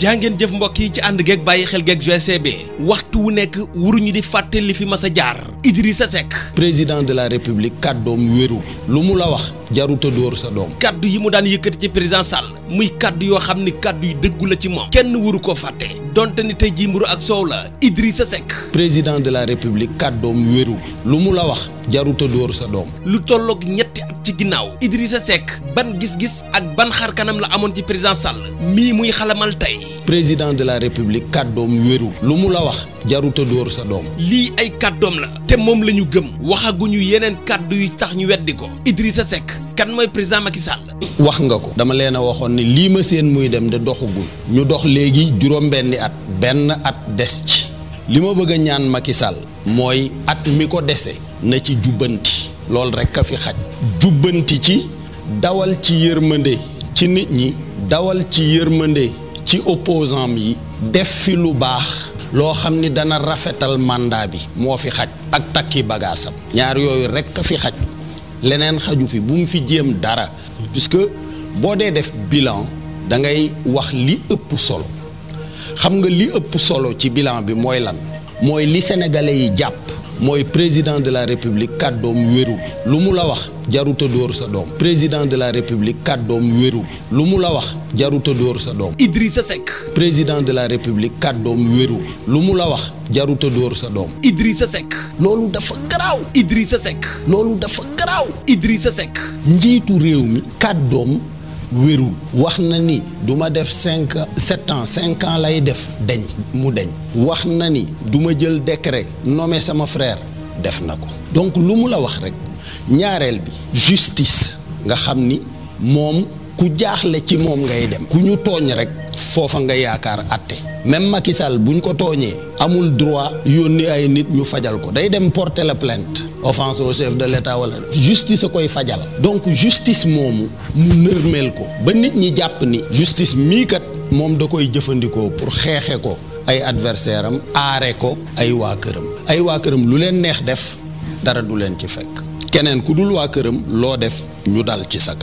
jaa ngeen jëf mbokk yi ci ànd geeg bàyyi xel geeg GCB waxtu wu nekk wuruñu di fàtte li fi mas a jaar sa Seck. président de la république kàddoom wérul lu mu la wax jaruta dóor sa doom. kàddu yi mu daan yëkkati ci président Sall muy kàddu yoo xam ni kàddu yi dëggu ci moom. kenn waru koo fàtte donte ni tey jii mburu ak soow la sa Seck. président de la république kàddoom wérul lu mu la wax jaruta dóor sa doom. lu tolloog ñetti at ci ginnaaw sa Seck ban gis-gis ak ban xar kanam la amoon ci président Sall mii muy xalamal tey. président de la république kàddoom wérul lu mu la wax. jaruta dóor sa doom lii ay kàddoom la te moom la ñu gëm waxaguñu yeneen kàddu yu tax ñu weddi ko Idrissa Seck kan mooy président Macky Sall wax nga ko dama leen a waxoon ne lii ma seen muy dem de doxagul ñu dox léegi juróom-benni at benn at des ci li ma bëgg ñaan Macky Sall mooy at mi ko dese na ci jubbanti loolu rekk a fi xaj jubbanti ci dawal ci yërmande ci nit ñi dawal ci yërmande ci opposant yi def fi lu baax loo xam ni dana rafetal màndaa bi moo fi xaj ak takki bagaasam ñaar yooyu rekk a fi xaj leneen xaju fi bu mu fi jéem dara puisque boo dee def bilan da ngay wax li ëpp solo xam nga li ëpp solo ci bilan bi mooy lan mooy li sénégalais yi jàpp mooy président de la république kàddoom wérul lu mu la wax jaruta dóor sa doom président de la république kàddoom wérul lu mu la wax jaruta dóor sa doom Idrissa Seck président de la république kàddoom wérul lu mu la wax jaruta dóor sa doom Idrissa Seck loolu dafa garaaw Idrissa Seck loolu dafa garaaw Idrissa Seck njiitu réew mi kàddoom wérul wax na ni duma ma def cinq sept ans cinq ans lay def deñ mu deñ wax na ni duma jël décret nommé sama frère def na ko donc lu mu la wax rek ñaareel bi justice nga xam ni moom ku jaaxle ci moom ngay dem ku ñu tooñ rek foofa nga yaakaar àtte même Macky Sall buñ ko tooñee amul droit yónni ay nit ñu fajal ko day dem porter la plainte offense au chef de l'État wala justice a koy fajal donc justice moomu mu nërmeel ko ba nit ñi jàpp ni justice mii kat moom da koy jëfandikoo pour xeexe ko ay adversaire am aare ko ay waa këram ay waa këram lu leen neex def dara du leen ci fekk keneen ku dul waa këram loo def ñu dal ci sa